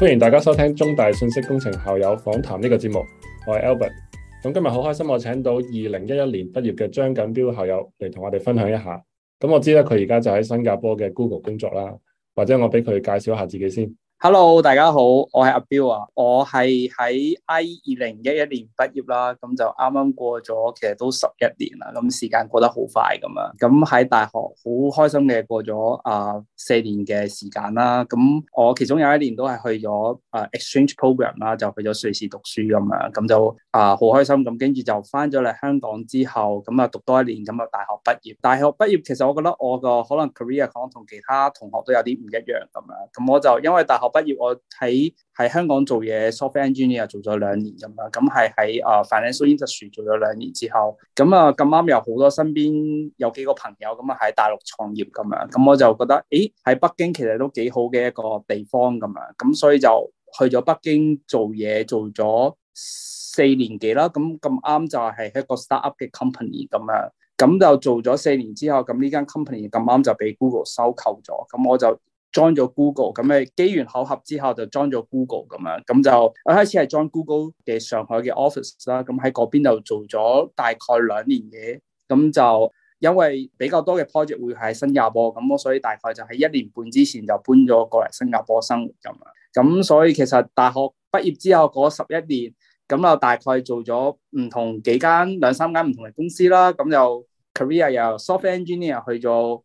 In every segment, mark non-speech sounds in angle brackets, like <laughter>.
歡迎大家收聽中大信息工程校友訪談呢個節目，我係 Albert，今日好開心我請到二零一一年畢業嘅張耿飈校友嚟同我哋分享一下，咁我知咧佢而家就喺新加坡嘅 Google 工作啦，或者我俾佢介紹一下自己先。hello，大家好，我係阿 Bill 啊，我係喺 I 二零一一年畢業啦，咁就啱啱過咗，其實都十一年啦，咁時間過得好快咁啊，咁喺大學好開心嘅過咗啊四年嘅時間啦，咁我其中有一年都係去咗啊、呃、exchange program 啦，就去咗瑞士讀書咁啊，咁就啊好、呃、開心，咁跟住就翻咗嚟香港之後，咁啊讀多一年，咁啊大學畢業，大學畢業其實我覺得我個可能 career 講同其他同學都有啲唔一樣咁啊，咁我就因為大學。我畢業我喺喺香港做嘢 software engineer 做咗兩年咁啦，咁係喺啊 financial industry 做咗兩年之後，咁啊咁啱有好多身邊有幾個朋友咁啊喺大陸創業咁樣，咁我就覺得誒喺北京其實都幾好嘅一個地方咁樣，咁所以就去咗北京做嘢做咗四年幾啦，咁咁啱就係一個 startup 嘅 company 咁樣，咁就做咗四年之後，咁呢間 company 咁啱就被 Google 收購咗，咁我就。join 咗 Google，咁咪機緣巧合之後就 join 咗 Google 咁樣，咁就一開始係 join Google 嘅上海嘅 office 啦，咁喺嗰邊就做咗大概兩年嘅。咁就因為比較多嘅 project 會喺新加坡，咁我所以大概就喺一年半之前就搬咗過嚟新加坡生活咁樣，咁所以其實大學畢業之後嗰十一年，咁就大概做咗唔同幾間兩三間唔同嘅公司啦，咁就 career 又 software engineer 去做。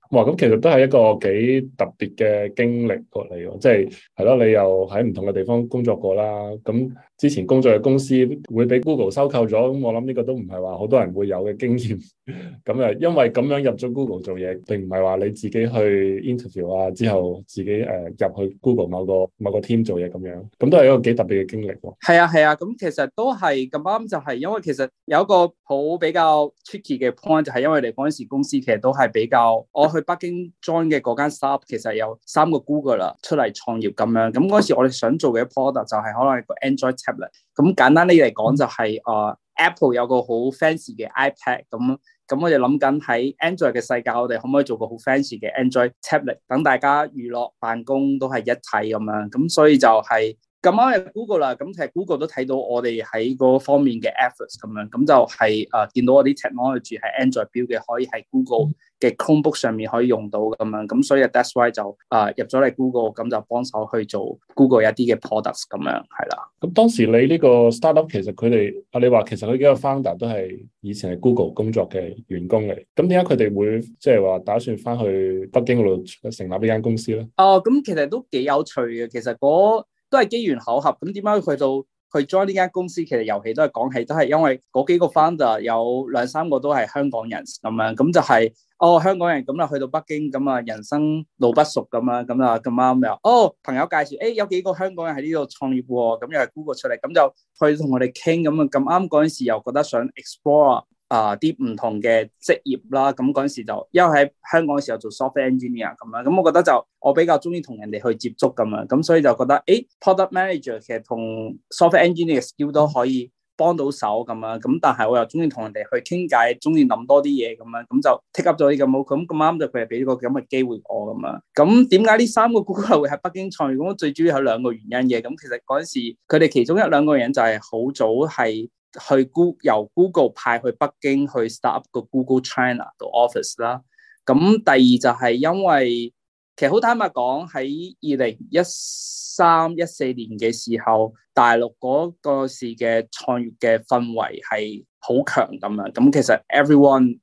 哇，咁、哦、其實都係一個幾特別嘅經歷過嚟喎，即係係咯，你又喺唔同嘅地方工作過啦。咁之前工作嘅公司會俾 Google 收購咗，咁我諗呢個都唔係話好多人會有嘅經驗。咁誒，因為咁樣入咗 Google 做嘢，並唔係話你自己去 interview 啊，之後自己誒入、呃、去 Google 某個某個 team 做嘢咁樣。咁都係一個幾特別嘅經歷喎、哦。係啊，係啊，咁其實都係咁啱，就係、是、因為其實有一個好比較 tricky 嘅 point，就係、是、因為你嗰陣時公司其實都係比較我去。北京 join 嘅嗰間 startup 其實有三個 Google 啦，出嚟創業咁樣。咁嗰時我哋想做嘅 product 就係可能係個 Android tablet。咁簡單啲嚟講就係、是，誒、呃、Apple 有個好 fancy 嘅 iPad。咁咁我哋諗緊喺 Android 嘅世界，我哋可唔可以做個好 fancy 嘅 Android tablet？等大家娛樂、辦公都係一體咁樣。咁所以就係、是。咁我入 Google 啦，咁其實 Google 都睇到我哋喺嗰方面嘅 efforts 咁樣，咁就係、是、啊、呃、見到我啲 technology 係 Android 標嘅，可以喺 Google 嘅 Chromebook 上面可以用到咁樣，咁所以 that's why 就啊、呃、入咗嚟 Google，咁就幫手去做 Google 一啲嘅 products 咁樣，係啦。咁當時你呢個 startup 其實佢哋啊，你話其實佢幾個 founder 都係以前係 Google 工作嘅員工嚟，咁點解佢哋會即係話打算翻去北京度成立呢間公司咧？哦，咁其實都幾有趣嘅，其實嗰、那個、～都係機緣巧合，咁點解去到去 join 呢間公司？其實遊戲都係講起，都係因為嗰幾個 founder 有兩三個都係香港人咁樣，咁就係、是、哦香港人咁就去到北京，咁啊人生路不熟咁啦，咁啊咁啱又哦朋友介紹誒、欸、有幾個香港人喺呢度創業，咁又係 Google 出嚟，咁就去同我哋傾，咁啊咁啱嗰陣時又覺得想 explore。啊！啲唔同嘅職業啦，咁嗰陣時就因為喺香港嘅時候做 software engineer 咁樣，咁我覺得就我比較中意同人哋去接觸咁樣，咁所以就覺得誒、欸、product manager 其實同 software engineer skill 都都可以幫到手咁啊，咁但係我又中意同人哋去傾偈，中意諗多啲嘢咁啊，咁就 take up 咗呢個冇，咁咁啱就佢係俾個咁嘅機會我咁啊，咁點解呢三個顧客會喺北京創業？咁最主要有兩個原因嘅，咁其實嗰陣時佢哋其中一兩個人就係好早係。去 Google 由 Google 派去北京去 start up 個 Google China 到 office 啦。咁第二就係因為，其實好坦白講，喺二零一三一四年嘅時候，大陸嗰個時嘅創業嘅氛圍係好強咁樣。咁其實 everyone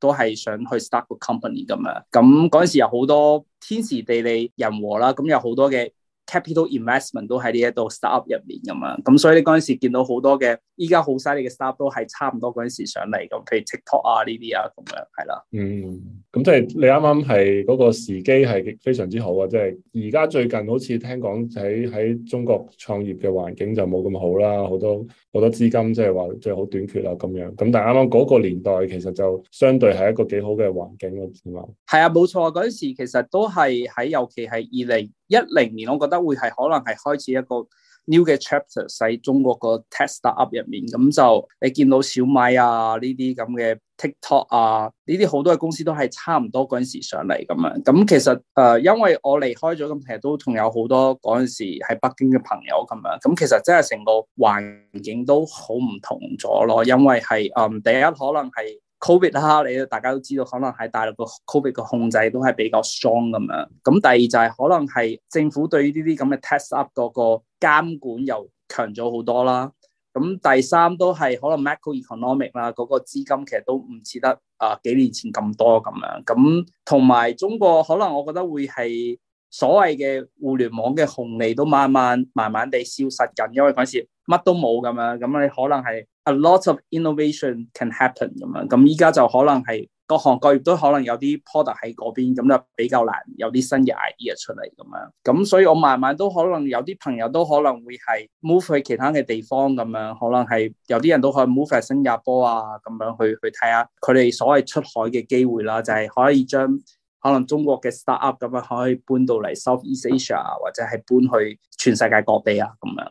都係想去 start 個 company 咁樣。咁嗰陣時有好多天時地利人和啦。咁有好多嘅。Capital investment 都喺呢一度 startup 入面咁啊，咁所以你嗰陣時見到好多嘅，依家好犀利嘅 startup 都係差唔多嗰陣時上嚟咁，譬如 TikTok 啊呢啲啊咁樣係啦。嗯，咁即係你啱啱係嗰個時機係非常之好啊，即係而家最近好似聽講喺喺中國創業嘅環境就冇咁好啦、啊，好多好多資金即係話即係好短缺啊咁樣。咁但係啱啱嗰個年代其實就相對係一個幾好嘅環境咁啊。係啊，冇錯、啊，嗰陣時其實都係喺，尤其係二零。一零年，我覺得會係可能係開始一個 new 嘅 chapter 喺中國個 test up 入面，咁就你見到小米啊呢啲咁嘅 TikTok 啊呢啲好多嘅公司都係差唔多嗰陣時上嚟咁樣。咁其實誒、呃，因為我離開咗，咁其實都仲有好多嗰陣時喺北京嘅朋友咁樣。咁其實真係成個環境都好唔同咗咯，因為係嗯第一可能係。Covid，你大家都知道，可能喺大陸個 Covid 個控制都係比較 strong 咁樣。咁第二就係可能係政府對於呢啲咁嘅 test up 嗰個監管又強咗好多啦。咁第三都係可能 macroeconomic 啦，嗰個資金其實都唔似得啊、呃、幾年前咁多咁樣。咁同埋中國可能我覺得會係所謂嘅互聯網嘅紅利都慢慢慢慢地消失緊，因為嗰陣時乜都冇咁樣。咁你可能係。A lot of innovation can happen 咁樣，咁依家就可能係各行各業都可能有啲 product 喺嗰邊，咁就比較難有啲新嘅 idea 出嚟咁樣。咁所以我慢慢都可能有啲朋友都可能會係 move 去其他嘅地方咁樣，可能係有啲人都可能 move 去新加坡啊，咁樣去去睇下佢哋所謂出海嘅機會啦，就係、是、可以將可能中國嘅 startup 咁樣可以搬到嚟 South East Asia 或者係搬去全世界各地啊咁樣。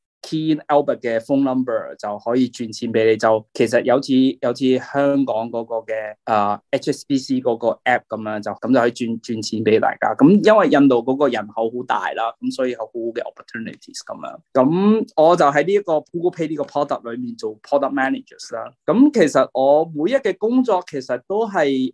Ken Albert 嘅 phone number 就可以轉錢俾你，就其實有似有似香港嗰個嘅啊、uh, HSBC 嗰個 app 咁樣就咁就可以轉轉錢俾大家。咁因為印度嗰個人口好大啦，咁所以有好好嘅 opportunities 咁樣。咁我就喺呢一個 Google Pay 呢個 product 裏面做 product managers 啦。咁其實我每一嘅工作其實都係。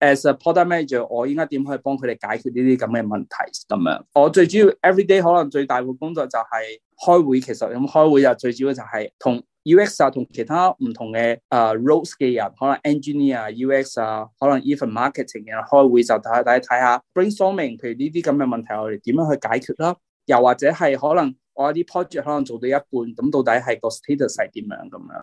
as a product manager，我應該點去幫佢哋解決呢啲咁嘅問題咁樣？我最主要 every day 可能最大嘅工作就係開會，其實咁開會就最主要就係同 U X 啊，同其他唔同嘅啊 roles 嘅人，可能 engineer 啊、U X 啊，可能 even marketing 啊開會就睇下，大家睇下 brainstorming，譬如呢啲咁嘅問題我哋點樣去解決啦？又或者係可能我啲 project 可能做到一半，咁到底係個 status 係點樣咁樣？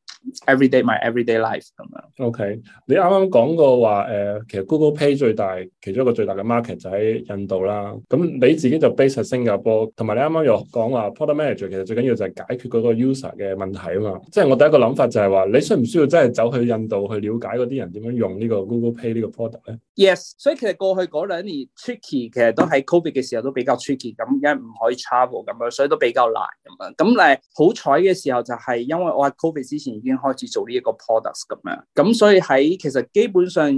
Everyday my everyday life 咁樣，okay。O K，你啱啱講過話，誒，其實 Google Pay 最大其中一個最大嘅 market 就喺印度啦。咁你自己就 base 喺新加坡，同埋你啱啱又講話 product manage，r 其實最緊要就係解決嗰個 user 嘅問題啊嘛。即係我第一個諗法就係話，你需唔需要真係走去印度去了解嗰啲人點樣用個個呢個 Google Pay 呢個 product 咧？Yes，所以其實過去嗰兩年 tricky，其實都喺 covid 嘅時候都比較 tricky，咁、嗯、梗為唔可以 travel 咁樣，所以都比較難咁樣。咁、嗯、誒，好彩嘅時候就係因為我喺 covid 之前已經。先開始做呢一個 products 咁樣，咁所以喺其實基本上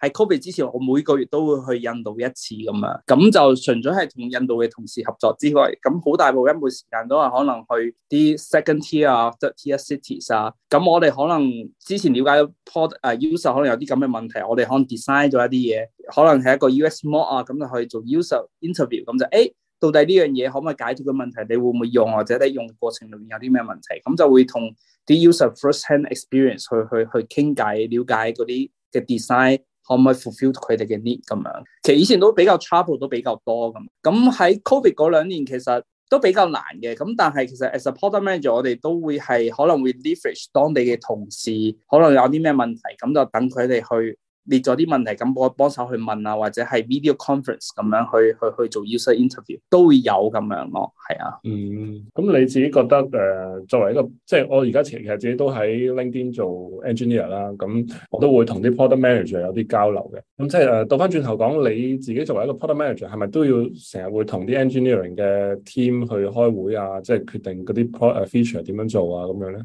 喺 Covid 之前，我每個月都會去印度一次咁樣，咁就純粹係同印度嘅同事合作之外，咁好大部分時間都係可能去啲 second tier 啊，third tier cities 啊，咁我哋可能之前了解 product 啊 user 可能有啲咁嘅問題，我哋可能 design 咗一啲嘢，可能係一個 US model 啊，咁就去做 user interview，咁就誒。欸到底呢樣嘢可唔可以解決個問題？你會唔會用，或者你用過程裏面有啲咩問題？咁就會同啲 use of first-hand experience 去去去傾偈，了解嗰啲嘅 design 可唔可以 fulfill 佢哋嘅 need 咁樣。其實以前都比較 trouble 都比較多咁。咁喺 COVID 嗰兩年其實都比較難嘅。咁但係其實 as a product manager 我哋都會係可能會 leverage 當地嘅同事，可能有啲咩問題，咁就等佢哋去。列咗啲問題，咁我幫手去問啊，或者係 video conference 咁樣去去去做 user interview 都會有咁樣咯，係啊。嗯，咁你自己覺得誒、呃，作為一個即係我而家其實自己都喺 LinkedIn 做 engineer 啦，咁我都會同啲 product manager 有啲交流嘅。咁即係誒，倒翻轉頭講，你自己作為一個 product manager，係咪都要成日會同啲 engineering 嘅 team 去開會啊？即係決定嗰啲 product feature 點樣做啊？咁樣咧？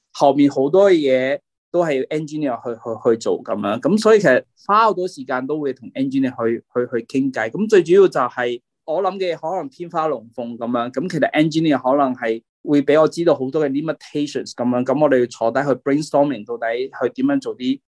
後面好多嘢都係 engineer 去去去做咁樣，咁所以其實花好多時間都會同 engineer 去去去傾偈，咁最主要就係我諗嘅可能天花龍鳳咁樣，咁其實 engineer 可能係會俾我知道好多嘅 limitations 咁樣，咁我哋要坐低去 brainstorming 到底去點樣做啲。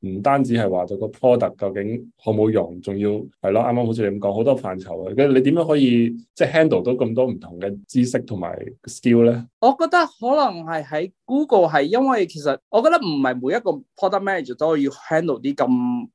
唔單止係話到個 product 究竟好冇用，仲要係咯，啱啱好似你咁講，好多範疇嘅，跟你點樣可以即係 handle 到咁多唔同嘅知識同埋 skill 咧？我覺得可能係喺 Google 係，因為其實我覺得唔係每一個 product manager 都要 handle 啲咁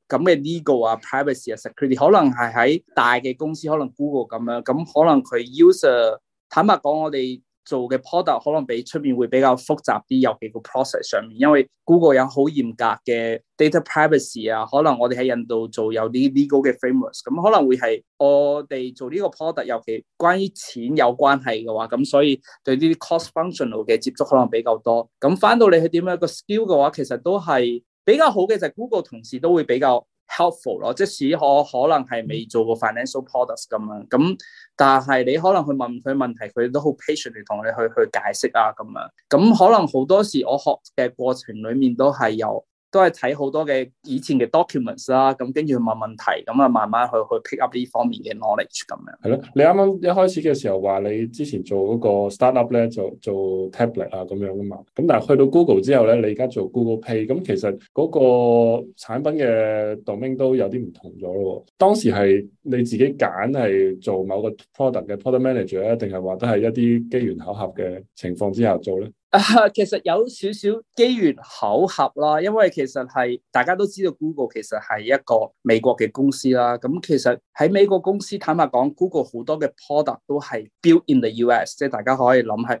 咁嘅 legal 啊、privacy 啊、security，可能係喺大嘅公司，可能 Google 咁樣，咁可能佢 user 坦白講，我哋。做嘅 product 可能比出面會比較複雜啲，尤其個 process 上面，因為 Google 有好嚴格嘅 data privacy 啊，可能我哋喺印度做有啲 legal 嘅 framework 咁可能會係我哋做呢個 product，尤其關於錢有關係嘅話，咁、嗯、所以對呢啲 cost functional 嘅接觸可能比較多。咁、嗯、翻到你去點樣一個 skill 嘅話，其實都係比較好嘅就係 Google 同事都會比較。helpful 咯，Help ful，即使我可能係未做過 financial products 咁樣，咁但係你可能去問佢問題，佢都好 patient 嚟同你去去解釋啊咁樣，咁可能好多時我學嘅過程裡面都係有。都係睇好多嘅以前嘅 documents 啦，咁跟住問問題，咁啊慢慢去去 pick up 呢方面嘅 knowledge 咁樣。係咯，你啱啱一開始嘅時候話你之前做嗰個 startup 咧就做，做 tablet 啊咁樣噶嘛，咁但係去到 Google 之後咧，你而家做 Google Pay，咁其實嗰個產品嘅 domain 都有啲唔同咗咯。當時係你自己揀係做某個 product 嘅 product manager 咧，定係話都係一啲機緣巧合嘅情況之下做咧？啊，uh, 其實有少少機緣巧合啦，因為其實係大家都知道 Google 其實係一個美國嘅公司啦，咁、嗯、其實喺美國公司坦白講，Google 好多嘅 product 都係 built in the US，即係大家可以諗係。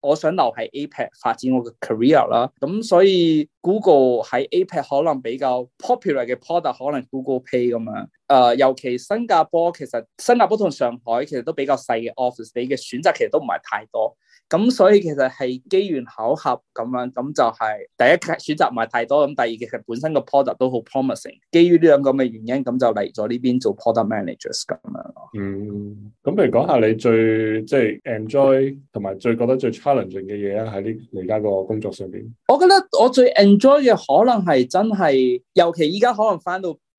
我想留喺 APAC 發展我嘅 career 啦，咁所以 Google 喺 APAC 可能比較 popular 嘅 product，可能 Google Pay 咁樣。誒、呃，尤其新加坡，其實新加坡同上海其實都比較細嘅 office，你嘅選擇其實都唔係太多。咁所以其實係機緣巧合咁樣，咁就係第一嘅選擇唔係太多，咁第二嘅其實本身個 product 都好 promising。基於呢兩個咁嘅原因，咁就嚟咗呢邊做 product managers 咁樣。嗯，咁譬如講下你最即係 enjoy 同埋最覺得最 challenge 嘅嘢咧，喺呢而家個工作上邊？我覺得我最 enjoy 嘅可能係真係，尤其依家可能返到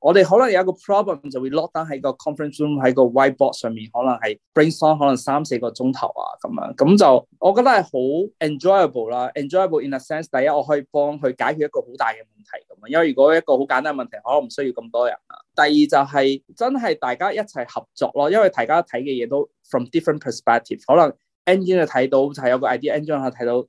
我哋可能有一個 problem，就會落單喺個 conference room，喺個 whiteboard 上面，可能係 brainstorm 可能三四個鐘頭啊咁樣，咁就我覺得係好 enjoyable 啦，enjoyable in a sense。第一，我可以幫佢解決一個好大嘅問題咁啊，因為如果一個好簡單嘅問題，可能唔需要咁多人。第二就係、是、真係大家一齊合作咯，因為大家睇嘅嘢都 from different perspective，可能 engineer 睇、er、到就係、是、有個 idea，engineer 睇、er、到。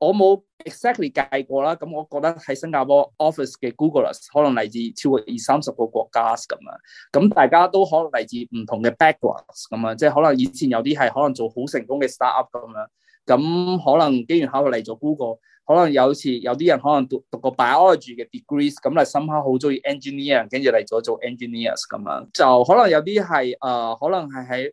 我冇 exactly 計過啦，咁我覺得喺新加坡 office 嘅 Googleers 可能嚟自超過二三十個國家咁啊，咁大家都可能嚟自唔同嘅 background 咁啊，即係可能以前有啲係可能做好成功嘅 startup 咁樣，咁可能機緣巧合嚟做 Google，可能有時有啲人可能讀讀個 biology 嘅 degree 咁深刻好中意 engineer，跟住嚟咗做，做 engineers 咁樣，就可能有啲係誒，可能係喺。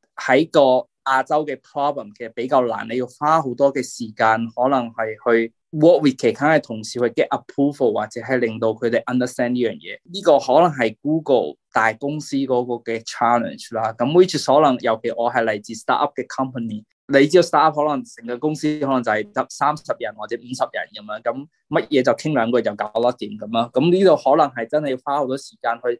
喺個亞洲嘅 problem 其實比較難，你要花好多嘅時間，可能係去 work with 其他嘅同事去 get approval，或者係令到佢哋 understand 呢樣嘢。呢個可能係 Google 大公司嗰個嘅 challenge 啦。咁 which 可能尤其我係嚟自 start up 嘅 company，你知道 start up 可能成個公司可能就係得三十人或者五十人咁樣，咁乜嘢就傾兩個就搞得掂咁樣。咁呢度可能係真係要花好多時間去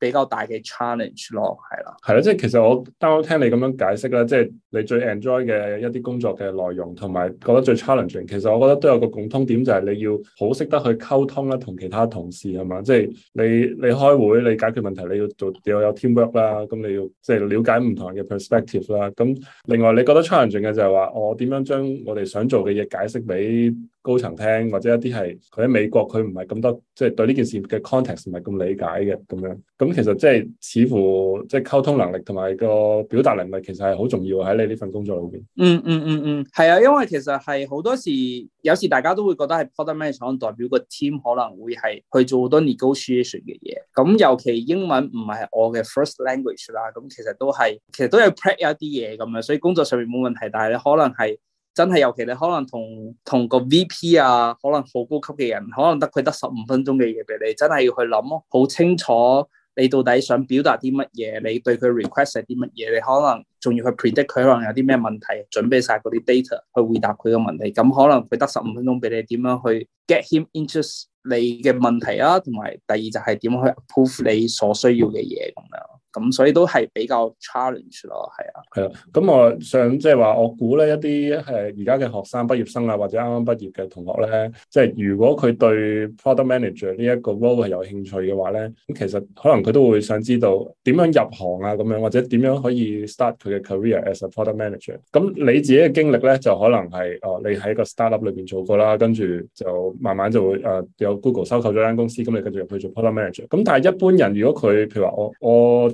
比較大嘅 challenge 咯，係啦，係啦，即係其實我當我聽你咁樣解釋啦，即係你最 enjoy 嘅一啲工作嘅內容，同埋覺得最 challenging，其實我覺得都有個共通點，就係你要好識得去溝通啦，同其他同事係嘛，即係你你開會你解決問題，你要做要有 teamwork 啦，咁你要即係了解唔同人嘅 perspective 啦，咁另外你覺得 challenging 嘅就係話，我點樣將我哋想做嘅嘢解釋俾高層聽，或者一啲係佢喺美國佢唔係咁多。即係對呢件事嘅 context 唔係咁理解嘅咁樣，咁其實即係似乎即係溝通能力同埋個表達能力其實係好重要喺你呢份工作裏邊。嗯嗯嗯嗯，係啊，因為其實係好多時，有時大家都會覺得係 product manager 代表個 team 可能會係去做好多 negotiation 嘅嘢。咁尤其英文唔係我嘅 first language 啦，咁其實都係，其實都有 practise 一啲嘢咁樣，所以工作上面冇問題，但係你可能係。真係尤其你可能同同個 VP 啊，可能好高級嘅人，可能得佢得十五分鐘嘅嘢俾你，真係要去諗咯，好清楚你到底想表達啲乜嘢，你對佢 request 係啲乜嘢，你可能仲要去 predict 佢可能有啲咩問題，準備晒嗰啲 data 去回答佢嘅問題，咁可能佢得十五分鐘俾你點樣去 get him interest 你嘅問題啊，同埋第二就係點樣去 prove 你所需要嘅嘢咁樣。咁、嗯、所以都係比較 challenge 咯，係啊，係啊。咁我想即係話，我估咧一啲誒而家嘅學生畢業生啊，或者啱啱畢業嘅同學咧，即係如果佢對 product manager 呢一個 role 係有興趣嘅話咧，咁其實可能佢都會想知道點樣入行啊，咁樣或者點樣可以 start 佢嘅 career as a product manager。咁你自己嘅經歷咧，就可能係哦、呃，你喺個 startup 裏邊做過啦，跟住就慢慢就會誒、呃、有 Google 收購咗間公司，咁你繼續去做 product manager。咁但係一般人如果佢譬如話我我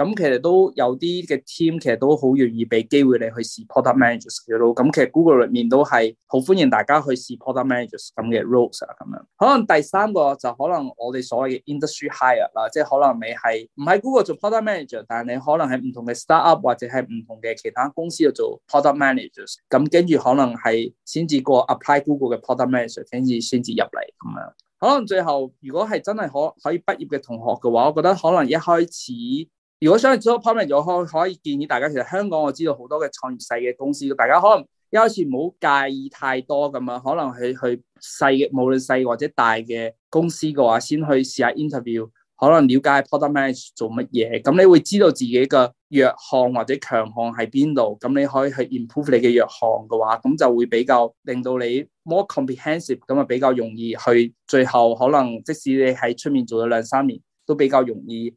咁其實都有啲嘅 team，其實都好願意俾機會你去試 product managers 嘅咯。咁其實 Google 入面都係好歡迎大家去試 product managers 咁嘅 roles 啊，咁樣。可能第三個就可能我哋所謂嘅 industry hire 啦，即係可能你係唔喺 Google 做 product manager，但係你可能喺唔同嘅 startup 或者係唔同嘅其他公司度做 product managers。咁跟住可能係先至過 apply Google 嘅 product manager，跟住先至入嚟咁樣。可能最後如果係真係可可以畢業嘅同學嘅話，我覺得可能一開始。如果想做 PM，我可可以建議大家，其實香港我知道好多嘅創業細嘅公司，大家可能一開始唔好介意太多咁啊，可能去去細嘅，無論細或者大嘅公司嘅話，先去試下 interview，可能了解 product management 做乜嘢，咁你會知道自己嘅弱項或者強項喺邊度，咁你可以去 improve 你嘅弱項嘅話，咁就會比較令到你 more comprehensive，咁啊比較容易去最後可能即使你喺出面做咗兩三年，都比較容易。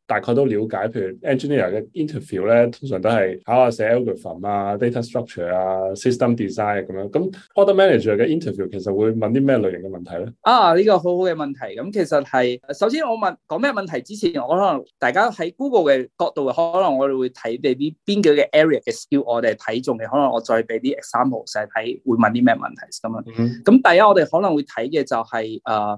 大概都了解，譬如 engineer 嘅 interview 咧，通常都係考下寫 algorithm 啊、data structure 啊、system design 咁樣。咁 product manager 嘅 interview 其實會問啲咩類型嘅問題咧？啊，呢個好好嘅問題。咁其實係首先我問講咩問題之前，我可能大家喺 Google 嘅角度，可能我哋會睇俾啲邊幾個 area 嘅 skill 我哋睇中嘅，可能我再俾啲 examples 嚟睇，會問啲咩問題咁樣。咁第一我哋可能會睇嘅就係、是、誒。呃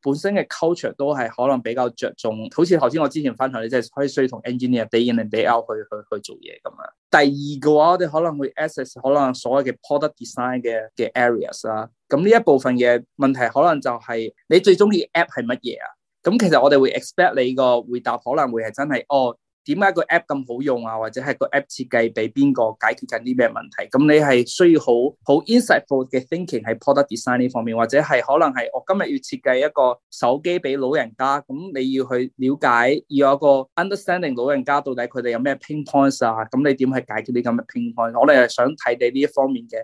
本身嘅 culture 都係可能比較着重，好似頭先我之前分享，即可以需要同 engineer、day in and day out 去去去做嘢咁樣。第二嘅話，我哋可能會 access 可能所謂嘅 product design 嘅嘅 areas 啦。咁呢一部分嘅問題可能就係、是、你最中意 app 係乜嘢啊？咁其實我哋會 expect 你個回答可能會係真係哦。點解個 app 咁好用啊？或者係個 app 設計俾邊個解決緊啲咩問題？咁你係需要好好 insightful 嘅 thinking 喺 product design 呢方面，或者係可能係我今日要設計一個手機俾老人家，咁你要去了解要有一個 understanding 老人家到底佢哋有咩 pain points 啊？咁你點去解決 ping 你咁嘅 pain point？我哋係想睇你呢一方面嘅。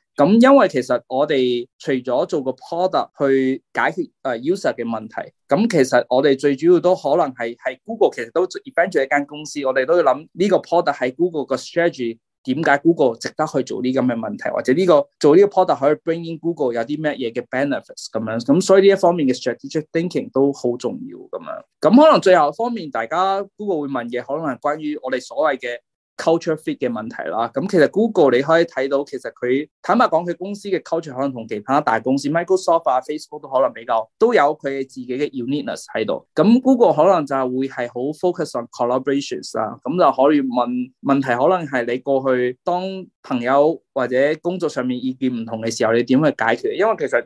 咁因為其實我哋除咗做個 product 去解決誒 user 嘅問題，咁其實我哋最主要都可能係係 Google 其實都 event 咗一間公司，我哋都要諗呢個 product 係 Google 個 strategy，點解 Google 值得去做呢咁嘅問題？或者呢個做呢個 product 可以 bring in Google 有啲咩嘢嘅 benefits 咁樣，咁所以呢一方面嘅 strategic thinking 都好重要咁樣，咁可能最後方面大家 Google 會問嘅可能係關於我哋所謂嘅。culture fit 嘅問題啦，咁其實 Google 你可以睇到，其實佢坦白講，佢公司嘅 culture 可能同其他大公司 Microsoft 啊、Facebook 都可能比較都有佢自己嘅 uniqueness 喺度。咁 Google 可能就係會係好 focus on collaborations 啦，咁就可以問問題，可能係你過去當朋友或者工作上面意見唔同嘅時候，你點去解決？因為其實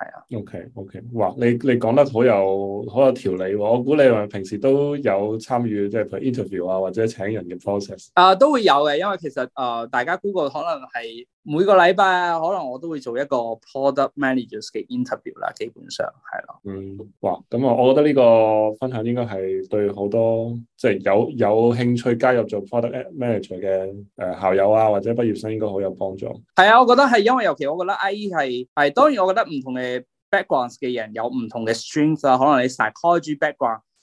係啊，OK OK，哇，你你講得好有好有條理喎、哦，我估你話平時都有參與，即係譬如 interview 啊，或者請人嘅方式啊，都會有嘅，因為其實啊、呃，大家估過可能係。每個禮拜啊，可能我都會做一個 product managers 嘅 interview 啦，基本上係咯。嗯，哇，咁啊，我覺得呢個分享應該係對好多即係、就是、有有興趣加入做 product manager 嘅誒、呃、校友啊，或者畢業生應該好有幫助。係啊，我覺得係因為尤其我覺得 IE 係係，當然我覺得唔同嘅 background 嘅人有唔同嘅 strength 啊，可能你 psychology background，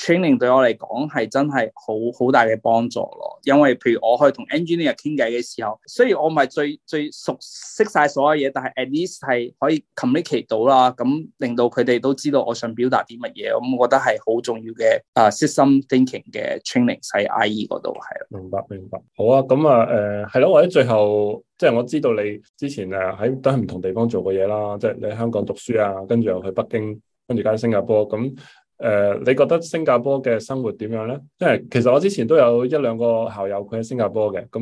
training 對我嚟講係真係好好大嘅幫助咯，因為譬如我可以同 engineer 傾偈嘅時候，雖然我唔係最最熟悉晒所有嘢，但係 at least 係可以 commit 到啦，咁令到佢哋都知道我想表達啲乜嘢，咁、嗯、我覺得係好重要嘅啊，system thinking 嘅 training 喺 IE 嗰度係。明白，明白，好啊，咁啊，誒係咯，或者最後即係我知道你之前誒喺都係唔同地方做過嘢啦，即係你喺香港讀書啊，跟住又去北京，跟住加新加坡咁。誒、呃，你覺得新加坡嘅生活點樣咧？因為其實我之前都有一兩個校友佢喺新加坡嘅，咁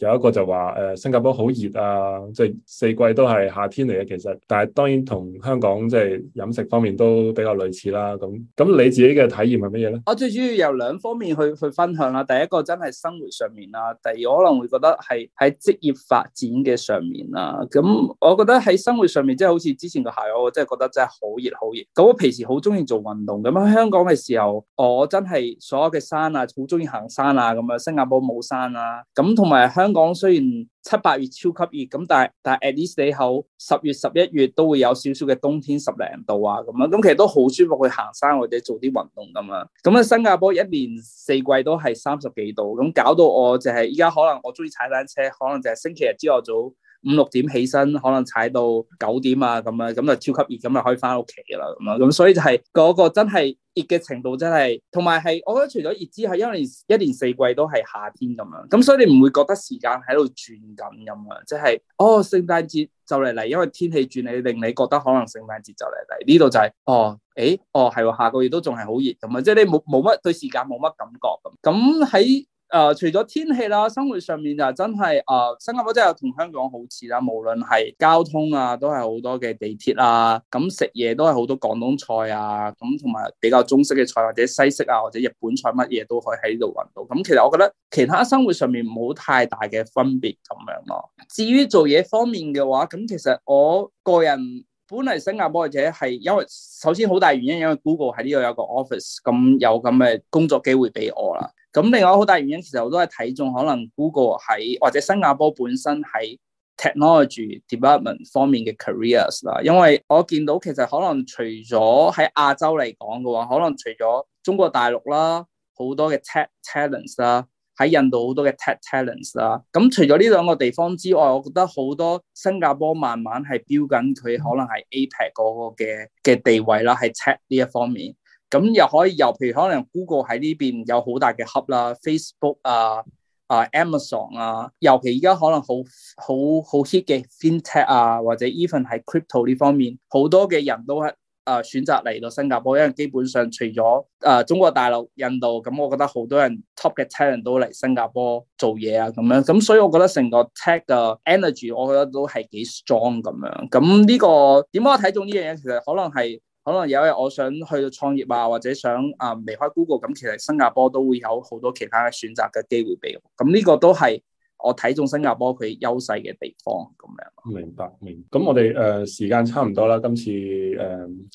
有一個就話誒、呃，新加坡好熱啊，即係四季都係夏天嚟嘅。其實，但係當然同香港即係飲食方面都比較類似啦。咁咁你自己嘅體驗係乜嘢咧？我最主要由兩方面去去分享啦、啊。第一個真係生活上面啦、啊，第二可能會覺得係喺職業發展嘅上面啦、啊。咁我覺得喺生活上面即係、就是、好似之前個校友，我真係覺得真係好熱好熱。咁我平時好鍾意做運動咁。咁香港嘅時候，我真係所有嘅山啊，好中意行山啊，咁樣。新加坡冇山啊，咁同埋香港雖然七八月超級熱，咁但係但係 at least 你好十月十一月都會有少少嘅冬天十零度啊，咁樣，咁其實都好舒服去行山或者做啲運動咁啊。咁啊新加坡一年四季都係三十幾度，咁搞到我就係依家可能我中意踩單車，可能就係星期日朝頭早。五六點起身，可能踩到九點啊，咁樣咁就超級熱，咁就可以翻屋企啦，咁咯，咁所以就係嗰個真係熱嘅程度真係，同埋係，我覺得除咗熱之後，因為一年四季都係夏天咁樣，咁所以你唔會覺得時間喺度轉緊咁啊，即係哦聖誕節就嚟嚟，因為天氣轉嚟，令你覺得可能聖誕節就嚟嚟，呢度就係哦，誒、哎，哦係喎，下個月都仲係好熱，同埋即係你冇冇乜對時間冇乜感覺咁，咁喺。誒、呃，除咗天氣啦，生活上面就真係誒、呃，新加坡真係同香港好似啦。無論係交通啊，都係好多嘅地鐵啊，咁食嘢都係好多廣東菜啊，咁同埋比較中式嘅菜或者西式啊，或者日本菜乜嘢都可以喺度揾到。咁其實我覺得其他生活上面冇太大嘅分別咁樣咯。至於做嘢方面嘅話，咁其實我個人本嚟新加坡或者係因為首先好大原因，因為 Google 喺呢度有個 office，咁有咁嘅工作機會俾我啦。咁另外好大原因，其實我都係睇中可能 Google 喺或者新加坡本身喺 technology development 方面嘅 careers 啦。因為我見到其實可能除咗喺亞洲嚟講嘅話，可能除咗中國大陸啦，好多嘅 tech talents 啦，喺印度好多嘅 tech talents 啦。咁除咗呢兩個地方之外，我覺得好多新加坡慢慢係標緊佢可能係 APEC 嗰個嘅嘅地位啦，喺 tech 呢一方面。咁又可以，尤其可能 Google 喺呢邊有好大嘅 Hub 啦、啊、Facebook 啊啊 Amazon 啊，尤其而家可能好好好 hit 嘅 FinTech 啊，或者 even 係 Crypto 呢方面，好多嘅人都係啊、呃、選擇嚟到新加坡，因為基本上除咗啊、呃、中國大陸、印度，咁我覺得好多人 <music> top 嘅 talent 都嚟新加坡做嘢啊咁樣。咁所以我覺得成個 tech 嘅 energy，我覺得都係幾 strong 咁樣。咁呢個點解我睇中呢樣嘢，其實可能係。可能有一日我想去到創業啊，或者想、啊、離開 Google，咁其實新加坡都會有好多其他嘅選擇嘅機會俾我。咁呢個都係。我睇中新加坡佢優勢嘅地方咁樣。明白明。咁我哋誒、呃、時間差唔多啦，今次誒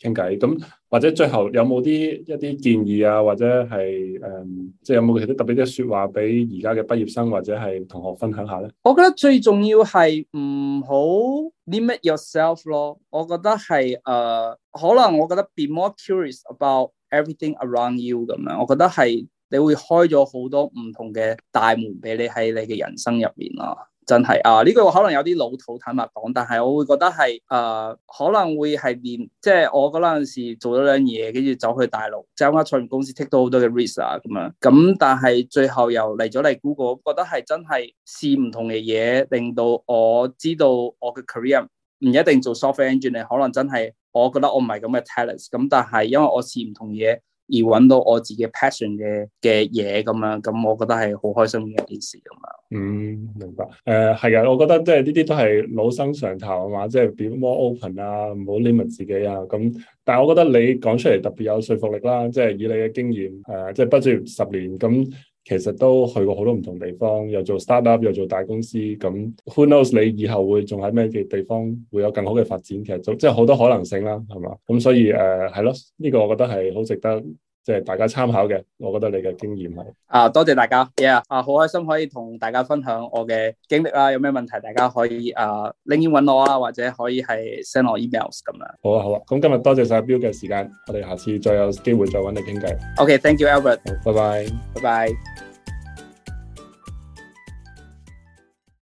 傾偈咁，或者最後有冇啲一啲建議啊，或者係誒，即、呃、係、就是、有冇其他特別嘅説話俾而家嘅畢業生或者係同學分享下咧？我覺得最重要係唔好 limit yourself 咯。我覺得係誒、呃，可能我覺得 be more curious about everything around you 咁樣。我覺得係。你會開咗好多唔同嘅大門俾你喺你嘅人生入面啊。真係啊，呢句我可能有啲老土，坦白講，但係我會覺得係，誒、呃、可能會係練，即、就、係、是、我嗰陣時做咗樣嘢，跟住走去大陸，join 間創業公司 take 到好多嘅 risk 啊咁樣，咁但係最後又嚟咗嚟 Google，覺得係真係試唔同嘅嘢，令到我知道我嘅 career 唔一定做 software engineer，i n g 可能真係我覺得我唔係咁嘅 talent，s 咁但係因為我試唔同嘢。而揾到我自己 passion 嘅嘅嘢咁樣，咁我覺得係好開心嘅一件事啊嘛。嗯，明白。誒係啊，我覺得即係呢啲都係老生常談啊嘛，即係變 more open 啊，唔好 limit 自己啊咁。但係我覺得你講出嚟特別有說服力啦，即係以你嘅經驗，誒、呃，即係畢業十年咁。其實都去過好多唔同地方，又做 startup，又做大公司，咁 who knows 你以後會仲喺咩嘅地方，會有更好嘅發展。其實即係好多可能性啦，係嘛？咁所以誒，係、呃、咯，呢個我覺得係好值得。即係大家參考嘅，我覺得你嘅經驗係啊，uh, 多謝大家啊好、yeah, uh, 開心可以同大家分享我嘅經歷啦，有咩問題大家可以啊 LinkedIn 揾我啊，或者可以係 send 我 emails 咁樣。好啊，好啊，咁今日多謝晒 Bill 嘅時間，我哋下次再有機會再揾你傾偈。OK，thank、okay, you，Albert，拜拜、okay,，拜 bye 拜。